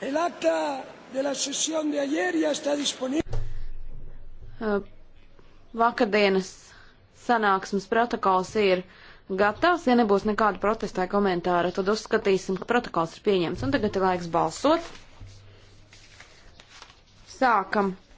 El acta de la sesión de ayer ya está disponible. Uh, vakardienas sanāksmes protokols ir gatavs. Ja nebūs nekāda protestē komentāra, tad uzskatīsim, ka protokols ir pieņemts. Un tagad ir laiks balsot. Sākam